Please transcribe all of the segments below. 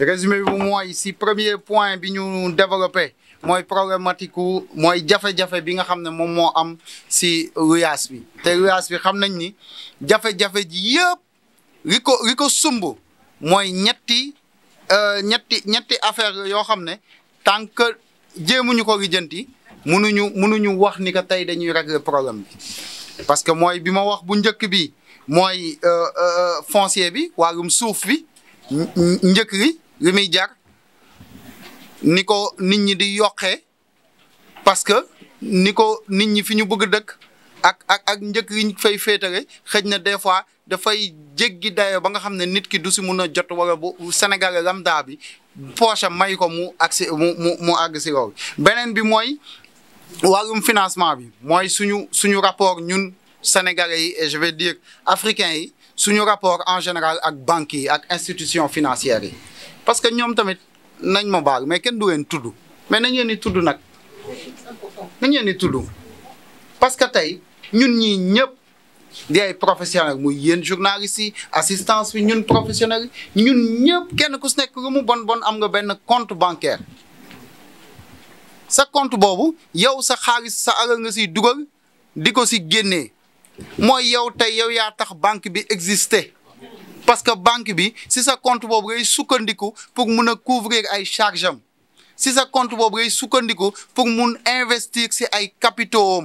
résumé bi mooy si premier point bi ñu développé mooy problématique wu mooy jafe-jafe bi nga xam ne moom moo am si luyaas bi te luyaas bi xam nañ ni jafe-jafe ji yëpp li ko li mooy ñetti Euh, ñetti ñetti affaire yoo xam ne tant que jéemuñu ko lijjanti munuñu munuñu wax ni que tey dañuy régler problème bi parce que mooy bi ma wax bu njëkk bi mooy euh, euh, foncier bi wàllum suuf bi njëkk li li muy jar ni ko nit ñi di yokkee parce que ni ko nit ñi fi ñu bëgg dëkk ak ak njëkk yiñ fay féetare xëj na des fois dafay jéggi dayo ba nga xam ne nit ki du si mun a jot wala bu Sénégal lambda bi poche may ko mu agsi mu mu mu àgg si loolu beneen bi mooy wàllum financement bi mooy suñu suñu rapport ñun sénégalais yi et je dire africains yi suñu rapport en général ak banque yi ak institutions financières yi parce que ñoom tamit nañ ma baal mais kenn du leen tudd mais nañ leen di tudd nag nañ di tudd parce que tey ñun ñii ñëpp di ay professionnel muy yéen journaliste yi assistance bi ñun professionnel ñun ñëpp kenn ku si nekk lu mu bon bon am nga benn compte bancaire sa compte boobu yow sa xaalis sa alal nga siy dugal di ko si génnee mooy yow tey yow yaa tax banque bi exister parce que banque bi si sa compte boobu ngay sukkandiku pour mun a couvrir ay charge si sa compte boobu ngay sukkandiku pour mun investir si ay capitaux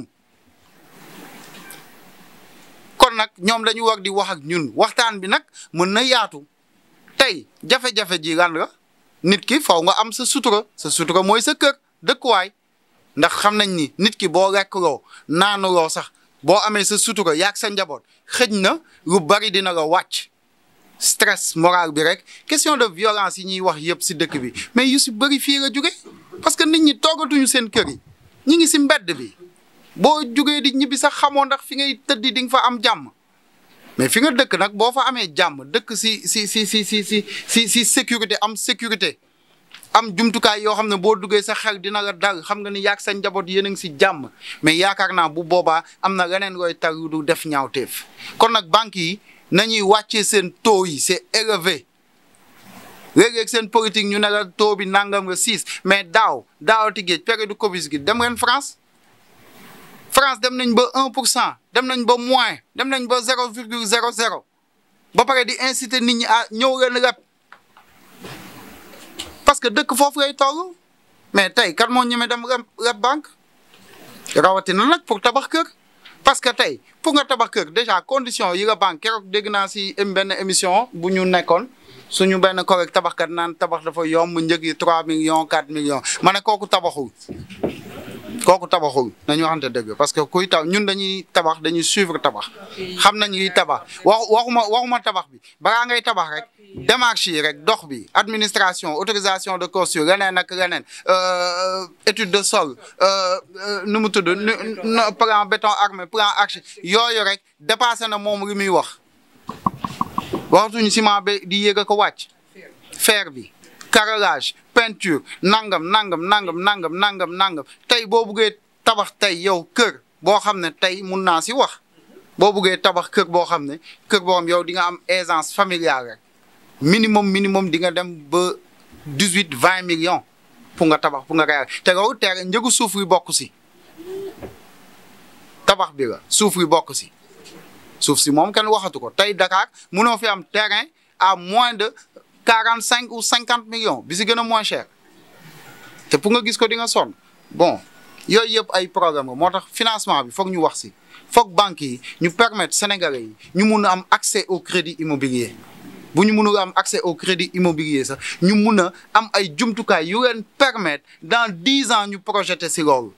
kon nag ñoom dañu war di wax ak ñun waxtaan bi nag mën na yaatu tey jafe-jafe ji lan la nit ki faw nga am sa sutura sa sutura mooy sa kër dëkkuwaay ndax xam nañ ni nit ki boo lekkuloo naanuloo sax boo amee sa sutura yaag sa njaboot xëj na lu bari dina la wàcc stress moral bi rek question de violance yi ñuy wax yëpp si dëkk bi mais yu si bëri fii la jóge parce que nit ñi toogatuñu seen kër yi ñi ngi si mbedd bi boo jugee di ñibbi sax xamoo ndax fi ngay tëddi di nga fa am jàmm mais fi nga dëkk nag boo fa amee jàmm dëkk si si si si si si si si sécurité am sécurité am jumtukaay yoo xam ne boo duggee sa xel dina la dal xam nga ni yaag sa njaboot yéen a ngi si jàmm mais yaakaar naa bu boobaa am na leneen looy tar du def ñaawteef kon nag banques yi nañuy wàccee seen taux yi c'est élevé léeg-léeg seen politique ñu ne la taux bi nangam la six mais daaw daawati géej période Covid gi dem leen France France dem nañ ba un pour dem nañ ba moins dem nañ ba zéro virgule zéro zéro ba pare di insité nit ñi à ñëw leen rep parce que dëkk foofu lay toll mais tey kan moo ñemee dem rep banque rawatina nag pour tabax kër parce que tey pour nga tabax kër déjà condition yi la banque keroog dégg naa si benn émission bu ñu nekkoon suñu benn collègue tabaxkat naan tabax dafa yomb njëg yi 3 millions 4 millions ma ne kooku tabaxul kooku tabaxul nañu waxante dëgg parce que kuy tabax ñun dañuy tabax dañuy suivre tabax xam nañ liy tabax wax waxuma waxuma tabax bi balaa ngay tabax rek démarché rek dox bi administration autorisation de construire leneen ak leneen euh, étude de sol euh, euh, nu mu tudd plan béton armé plan archi yooyu rek dépassé na moom li muy wax waxtuñu ciment bi di yéeg a ko wàcc fair bi carrelage peinture nangam nangam nangam nangam nangam nangam tey boo buggee tabax tey yow kër boo xam ne tey mun naa si wax boo buggee tabax kër boo xam ne kër boo xam yow di nga am aisance familiale rek minimum minimum di nga dem ba dix huit vingt millions pour nga tabax pour nga réal te loolu teere njëgu suuf yi bokk si tabax bi la suuf yi bokk si suuf si moom kenn waxatu ko tey Dakar mënoo fi am terrain moins de quarante cinq ou cinquante millions bi si gën a moins te pour nga gis ko di nga son bon yooyu yëpp ay programme moo tax financement bi foog ñu wax si foog banques yi ñu permettre sénégalais yi ñu mun a am accès au crédit immobilier bu ñu mënul am accès au crédit immobilier sax ñu mun a am ay jumtukaay yu leen permettre dans dix ans ñu projeté si loolu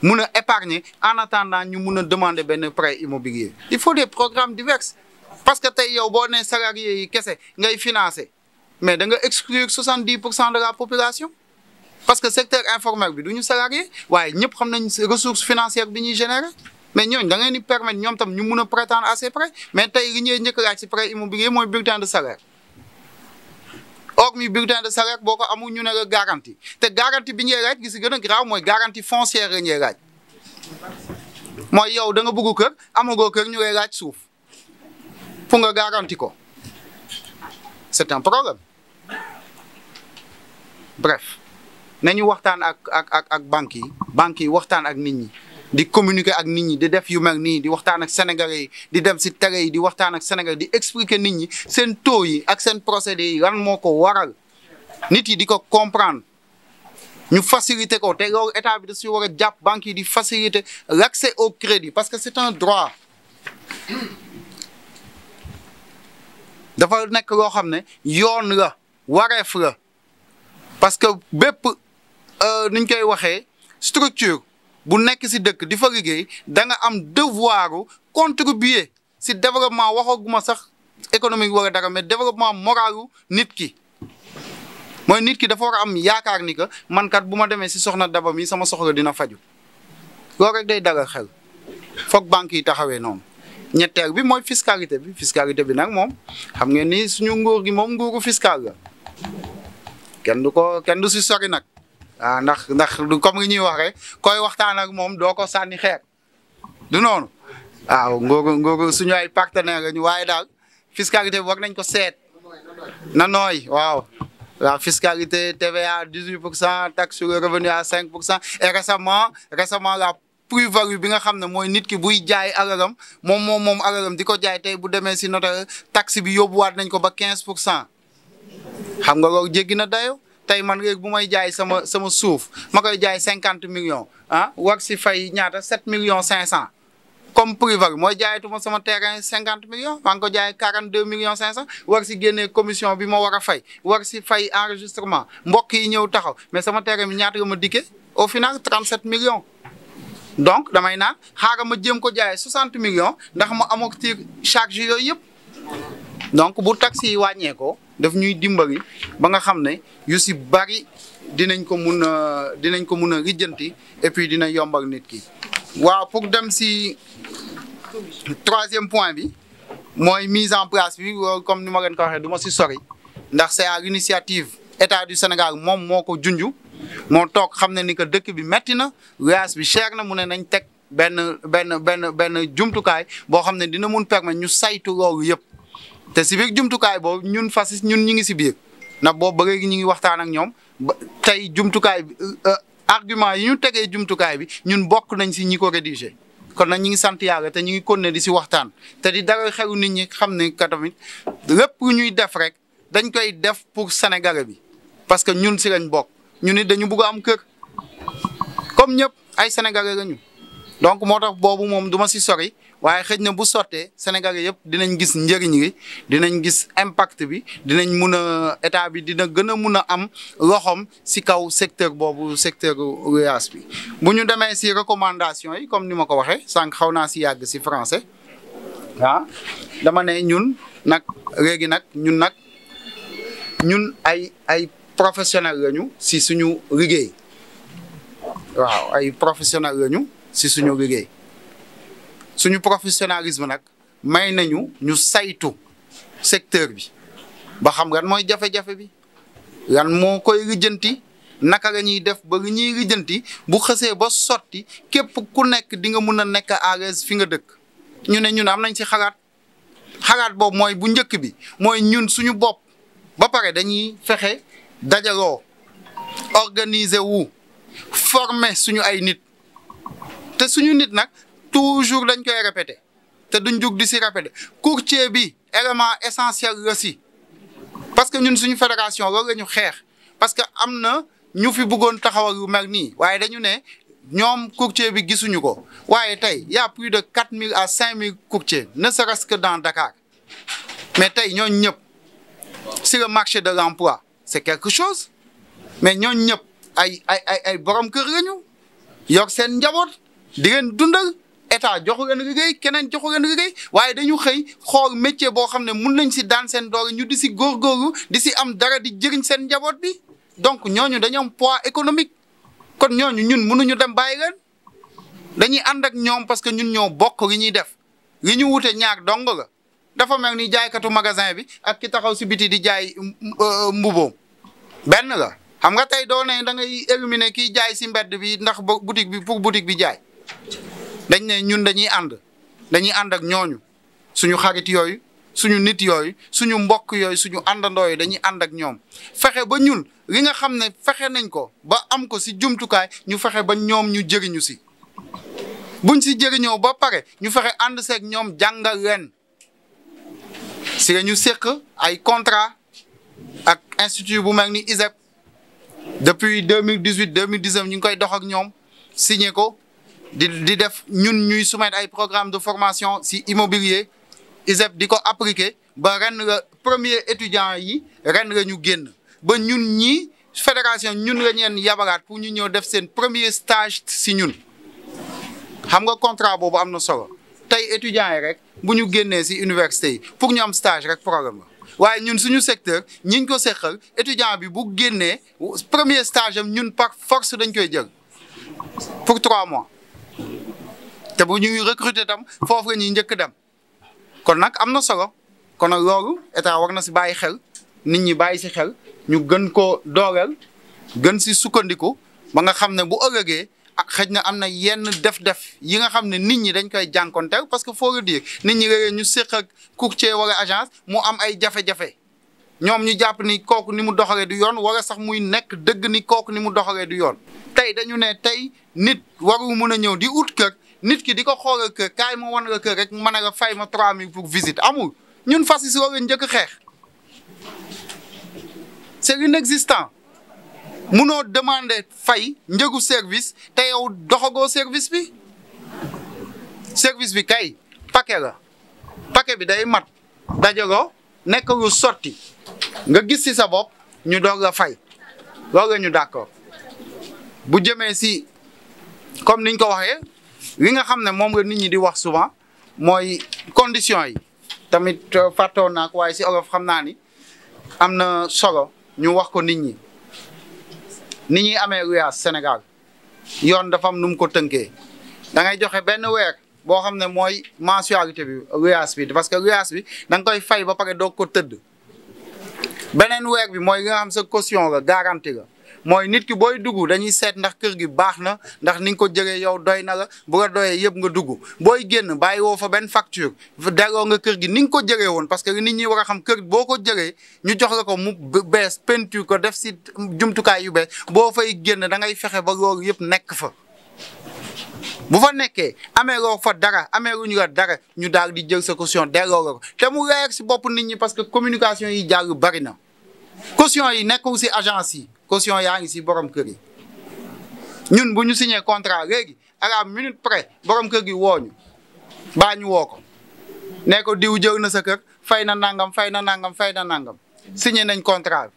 mun a épargner en attendant ñu mun a demander benn prêt immobilier il faut des programmes divers parce que tey yow boo nee salarié yi kese ngay financé mais da nga exclure soixante dix pour cent de la population parce que secteur informel bi du ñu salarié waaye ñëpp xam nañ ressource financière bi ñuy généré mais ñooñu da ngeen di permettre ñoom tam ñu mun a prétendre à ces prêts mais tey li ñuy njëkk laaj si prêt immobilier mooy bulletin de salaire or mi bulletin de salaire boo ko amul ñu ne la garantie te garantie bi ñuy laaj gi si gën a graaw mooy garantie foncière la ñuy laaj mooy yow da nga bëgg kër amagoo kër ñu lay laaj suuf pour nga garanti ko c'est un problème bref nañu waxtaan ak ak ak ak banques yi banques yi waxtaan ak nit ñi di communiquer ak nit ñi di def yu mel nii di waxtaan ak sénégalais yi di dem si tere yi di waxtaan ak sénégalais di expliquer nit ñi seen taux yi ak seen procédé yi lan moo ko waral nit yi di ko comprendre ñu faciliter ko te loolu état bi da si war jàpp banques yi di faciliter l'accès au crédit parce que c'est un droit dafa nekk loo xam ne yoon la wareef la parce que bépp euh, niñ koy waxee structure bu nekk si dëkk di fa liggéey da nga am devoiru contribuer si développement waxaguma sax économique wala dara mais développement moralu nit ki mooy nit ki dafa war a am yaakaar ni que man bu ma demee si soxna Daba mi sama soxla dina faju loo rek day dagal xel foog banque yi taxawee noonu. ñeteel bi mooy fiscalité bi fiscalité bi nag moom xam ngeen ni suñu nguur gi moom nguuru fiscal la kenn du ko kenn du si sori nag a ah, ndax ndax du comme li ñuy wax koy waxtaan ak moom doo ko sànni xeer du noonu waaw nguuru nguuru suñu ay partenaires lañu waaye daal fiscalité bi nañ ko seet na nooy waaw. la fiscalité TVA à 18 pour cent taxe sur le revenu à pour cent et récemment récemment plus-value bi nga xam ne mooy nit ki buy jaay alalam moom moom moom alalam di ko jaay tey bu demee si notaire taxe bi yóbbuwaat nañ ko ba quinze pour cent xam nga loolu jéggi na dayo tey man léegi bu may jaay sama sama suuf ma koy jaay cinquante million ah war si fay ñaata sept million cinq cent comme privé mooy jaayatuma sama terrain cinquante millions maa ngi ko jaayee quarante deux millions cinq cent war si génnee commission bi ma war a fay war si fay enregistrement mbokk yi ñëw taxaw mais sama terrain bi ñaata la ma dikkee au donc damay naan xaaral ma jëm ko jaayee 60 millions ndax ma amoo ci charge yooyu yëpp donc bu taxi yi wàññeekoo daf ñuy dimbali ba nga xam ne yu si bari dinañ ko mun a dinañ ko mun a rijjanti et puis dina yombal nit ki. waaw pour dem si troisième point bi mooy mise en place bi comme ni ma leen ko waxee du ma si sori ndax c'est à l'initiative état du Sénégal moom moo ko junju moo toog xam ne ni que dëkk bi metti na waas bi cher na mu ne nañ teg benn benn benn benn jumtukaay boo xam ne dina mun permettre ñu saytu loolu yëpp te si biir jumtukaay boobu ñun fasis ñun ñi ngi si biir ndax boobu ba léegi ñu ngi waxtaan ak ñoom tey jumtukaay bi euh, euh, argument yi ñu tegee jumtukaay bi ñun bokk nañ si ñi ko rédigé kon nag ñu ngi sant yàlla te ñu ngi continuer di si waxtaan te di dara xelu nit ñi xam ne que tamit lépp lu ñuy def rek dañ koy def pour sénégalais bi parce que ñun si lañ bokk. ñu nit dañu bugg am kër comme ñëpp ay sénégalais lañu donc moo tax boobu moom duma si sori waaye xëj na bu sottee sénégalais yëpp dinañ gis njëriñ li dinañ gis impact bi dinañ mun a état bi dina gën a mun a am loxoom si kaw secteur boobu secteur luyaas bi. bu ñu demee si recommandation yi comme ni ma ko waxee sànq xaw naa si yàgg si français ah dama ne ñun nag léegi nag ñun nag ñun ay ay. professionnel lañu si suñu liggéey waaw ay professionnel lañu si suñu liggéey suñu professionnalisme nag may nañu ñu saytu secteur bi ba xam lan mooy jafe-jafe bi lan moo koy lijjanti naka la ñuy def ba li ñuy lijjanti bu xësee ba sotti képp ku nekk di nga mun a nekk à l'aise fi nga dëkk ñu ne ñun am nañ si xalaat xalaat boobu mooy bu njëkk bi mooy ñun suñu bopp ba pare dañuy fexe dajaloo organiser wu former suñu ay nit te suñu nit nag toujours dañ koy répéter te duñ jug di si répéter courtier bi élément essentiel la si parce que ñun suñu fédération loolu la ñu xeex parce que am na ñu fi bëggoon taxawal yu mel nii waaye dañu ne ñoom courtier bi gisuñu ko waaye tey y a plus de quatre mille à cinq mille courtiers ne serait-ce que dans Dakar mais tey ñooñu ñëpp si le marché de l'emploi c'est quelque chose mais ñooñ ñëpp ay ay ay ay borom kër ga ñu yor seen njaboot di leen dundal état joxu leen liggéey keneen joxu leen waaye dañu xëy xool métier boo xam ne mun nañ si daan seen doole ñu di si góorgóorlu di si am dara di jëriñ seen njaboot bi donc ñooñu dañoom pois économique kon ñooñu ñun mënuñu dem bàyyi leen dañuy ànd ak ñoom parce que ñun ñoo bokk li ñuy def li ñu wute ñaar dong la dafa mel ni jaaykatu magasin bi ak ki taxaw si biti di jaay euh, mbuboom benn la xam nga tey doo ne da ngay éliminer kiy jaay si mbedd bi ndax ba boutique bi pour boutique bi jaay dañ ne ñun dañuy ànd dañuy ànd ak ñooñu suñu xarit yooyu suñu nit yooyu suñu mbokk yooyu suñu àndandoo yooyu dañuy ànd ak ñoom fexe ba ñun li nga xam ne fexe nañ ko ba am ko si jumtukaay ñu fexe ba ñoom ñu jëriñu si buñ si jëriñoo ba pare ñu fexe ànd seeg ñoom jàngal leen si la ñu séq ay contrat ak institut bu mel ni ISEP depuis deux mille dix huit deux mille dix neuf ñu ngi koy dox ak ñoom signé ko di di def ñun ñuy soumettre ay programme de formation si immobilier ISEP di ko appliquer ba ren la premier étudiant yi ren la ñu génn ba ñun ñi fédération ñun la ñen yabalaat pour ñu ñëw def seen premier stage si ñun xam nga contrat boobu am na solo tey étudiants yi rek bu ñu génnee si université yi pour ñu am stage rek problème la waaye ñun suñu secteur ñiñ ko seqal étudiant bi bu génnee premier stage am ñun par force dañ koy jël pour trois mois te bu ñuy recruter tam foofu la ñuy njëkk dem kon nag am na solo kon nag loolu état war na si bàyyi xel nit ñi bàyyi si xel ñu gën ko dooleel gën si sukkandiku ba nga xam ne bu ëllëgee Ah, xëj na am na yenn def-def yi nga xam ne nit ñi dañ koy jànkonteel parce que faut le dire nit ñi léeg-léeg ñu séq ak courtier agence mu am ay jafe-jafe ñoom ñu jàpp ni kooku ni mu doxalee du yoon wala sax muy nekk dëgg ni kooku ni mu doxalee du yoon tey dañu ne tey nit waru mun a ñëw di ut kër nit ki di ko xoolal kër kaay ma wan la kër rek mën a fay ma 3000 pour visit amul ñun fas yi si loolu njëkk xeex c'est inexistant munoo demander fay njëgu service te yow doxagoo service bi service bi kay paquet la paquet bi day mat dajaloo nekk lu sorti nga gis ci sa bopp ñu doog la fay loolu la ñu d'accord bu jëmee si comme niñ ko waxee li nga xam ne moom la nit ñi di wax souvent mooy condition yi tamit euh, fàttoon naa ko waaye ci olof xam naa ni am na solo ñu wax ko nit ñi. ni ñuy amee uyaas Sénégal yoon dafa am nu mu ko tënkee da ngay joxe benn weer boo xam ne mooy mensualité bi uyaas bi parce que uyaas bi da nga koy fay ba pare doog ko tëdd beneen weer bi mooy li nga sa costion la garantie la mooy nit ki booy dugg dañuy seet ndax kër gi baax na ndax ni nga ko jëlee yow doy na la bu la doyee yëpp nga dugg booy génn bàyyi woo fa benn facture delloo nga kër gi ni nga ko jëlee woon parce que nit ñi war a xam kër boo ko jëlee ñu jox la ko mu bees peinture ko def si jumtukaay yu bees boo fay génn da ngay fexe ba loolu yëpp nekk fa bu fa nekkee amee loo fa dara amee lu ñu la dara ñu daal di jël sa caution delloo la ko te mu leer si bopp nit ñi parce que communication yi jàll bari na caution yi nekkul si agence yi caution yaa ngi si borom kër yi ñun bu ñu signé contrat léegi à la minute près borom kër gi woo baa ñu woo ko nee ko diw jëw na sa fay na nangam fay na nangam fay na nangam signé nañ contrat bi.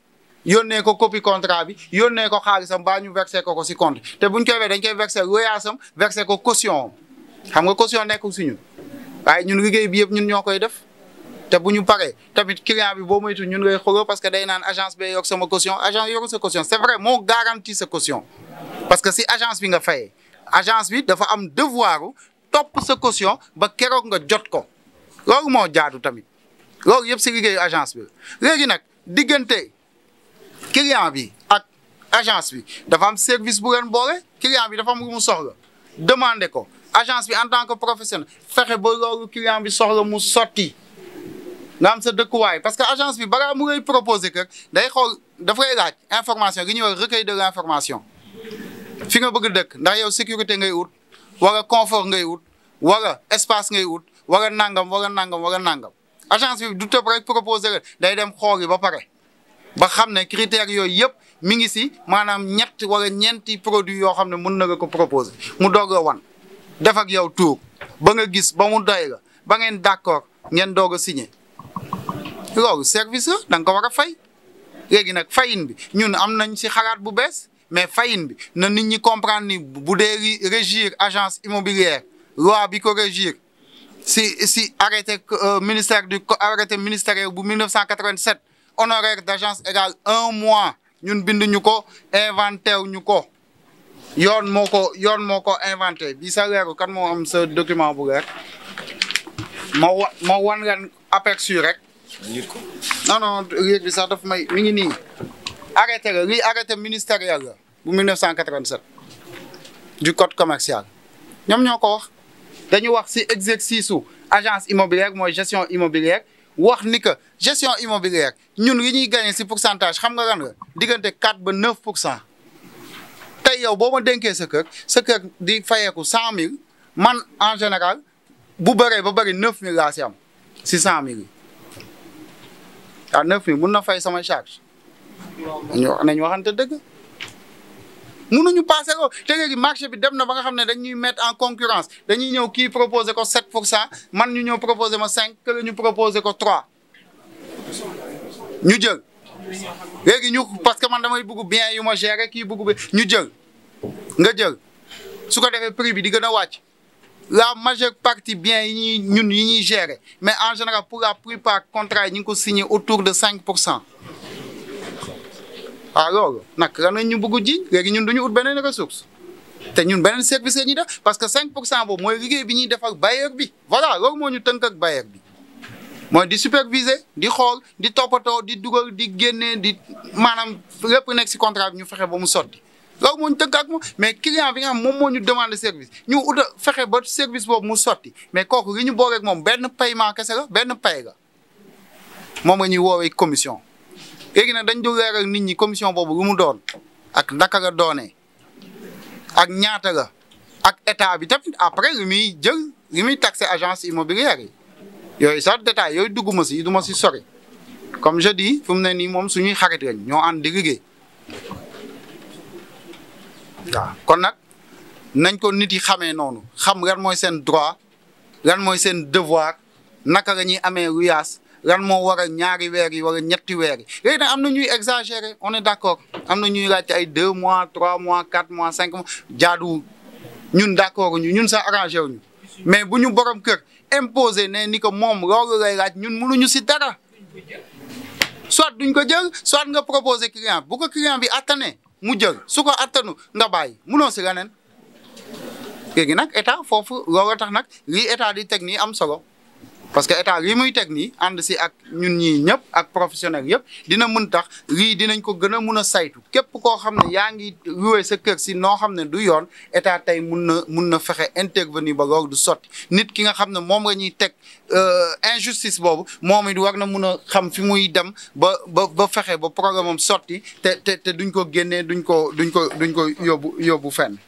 yónnee ko copie contrat bi yónnee ko xaalisam baa ñu versé ko ko si compte te bu ñu koy dañ koy versé loyaasam versé ko caution xam nga caution nekkul si ñun waaye ñun liggéey bi yëpp ñun ñoo koy def. te bu ñu paree tamit client bi boo moytu ñun ngay xooloo parce que day naan agence bee yokk sama caution agence yorul sa caution c'est vrai moo garantie sa caution parce que si agence bi nga faye agence bi dafa am devoir topp sa caution ba keroog nga jot ko loolu moo jaatu tamit loolu yëpp si liggéeyu agence bi la léegi nag diggante client bi ak agence bi dafa am service bu leen boole client bi dafa am lu mu soxla demande ko agence bi en tant que professionnel fexe ba loolu client bi soxla mu sotti. nga am sa dëkkuwaay parce que agence bi balaa mu ngay proposer kër day xool daf koy laaj information gi ñuy wax recueil de l'information fi nga bëgg dëkk ndax yow sécurité ngay wut wala confort ngay wut wala espace ngay wut wala nangam wala nangam wala nangam agence bi du tëb rek proposer la day dem xool yi ba pare ba xam ne critères yooyu yëpp mi ngi si maanaam ñett wala ñeenti produit yoo xam ne mën na la ko proposer mu doog a wan def ak yow tuur ba nga gis ba mu doy la ba ngeen d'accord ngeen doog a signé loolu service la da nga ko war a fay léegi nag fayin bi ñun am nañ si xalaat bu bees mais fayin bi na nit ñi comprendre ni bu dee régir agence immobilière loi bi ko régir si si arrêté euh, ministère du arrêté ministériel bu 1987 honoraire d' agence égale un mois ñun binduñu ko inventé ñu ko yoon moo ko yoon moo ko inventé bi sa leeru kan moo am sa document bu leer ma wa ma wan leen aperçu rek. non non yéeg bi sax daf may mi ngi nii arrêté la lii arrêté ministériel la bu 1987 du code commercial ñoom ñoo ko wax dañu wax si exercice su agence immobilière mooy gestion immobilière wax ni que gestion immobilière ñun li ñuy gagné si pourcentage xam nga lan la diggante 4 ba 9 pour cent tey yow boo ma dénkee sa kër di fayeeku 100000 man en général bu bëree ba bëri 9000 laa si am si yi. ah neuf mille mun na fay sama charge. ñu wax nañ waxante dëgg. mënuñu passé ko te léegi marché bi dem na ba nga xam ne dañuy mettre en concurrence dañuy ñëw kii proposé ko 7 pour cent man ñu ñëw proposé ma 5 que ñu proposé ko 3 ñu jël. léegi ñu parce que man damay bëgg bien yu ma gérer kii bëgg ñu jël nga jël su ko defee prix bi di gën a wàcc la majeure partie bien yi ñuy ñun yi ñuy gérer mais en général pour la plupart contrat yi ñu ngi ko signé autour de cinq pour cent waaw ah, loolu nag lan lañ ñu bëgg ji léegi ñun duñu ut beneen ressource te ñun beneen service la ñuy def parce que cinq pour cent boobu mooy liggéey bi ñuy def ak bailleur bi voilà loolu moo ñu tënk ak bailleur bi mooy di superviser di xool di toppatoo di dugal di génne di maanaam lépp nekk si contrat bi ñu fexe ba mu sotti loolu moo ñu tënk ak mais client bi nga xam moom moo ñu demande service ñu ut fexe ba service boobu mu sotti mais kooku li ñu booleeg moom benn paiement kese la benn pay la moom la ñuy woowee commission. léegi nag dañ dul leeral nit ñi commission boobu lu mu doon ak naka la doonee ak ñaata la ak état bi tamit après li muy jël li muy taxé agence immobilière yi yooyu sax détail yooyu dugguma si duma si sori comme je dis fu mu ne nii moom suñuy xarit lañ ñoo ànd di liggéey waaw kon nag nañ ko nit yi xamee noonu xam lan mooy seen droit lan mooy seen devoir naka la ñuy amee luyaas lan moo war a ñaari weer yi wala ñetti weer yi léegi nag am na ñuy exagéré on est d'accord am na ñuy laajte ay deux mois trois mois quatre mois cinq mois jaaduwul ñun d'accord ñu ñun sax arrangé wuñu mais bu ñu borom kër imposé ne ni ko moom loolu lay laaj ñun mënuñu si dara soit duñ ko jël soit nga proposé client bu ko client bi attane mu jël su ko attanu nga bàyyi munoo si leneen léegi nag état foofu loolu tax nag lii état di teg ni am solo. parce que état li muy teg nii ànd si ak ñun ñii ñëpp ak professionnel yëpp dina mun tax lii dinañ ko gën a mun a saytu képp koo xam ne yaa ngi loué sa kër si noo xam ne du yoon état tey mun na mun na fexe intervenir ba loolu du sotti nit ki nga xam ne moom la ñuy teg euh, injustice boobu moom it war na mun a xam fi muy dem ba ba ba fexe ba programme am sotti te te te duñ ko génnee duñ ko duñ ko duñ ko yóbbu yóbbu fenn.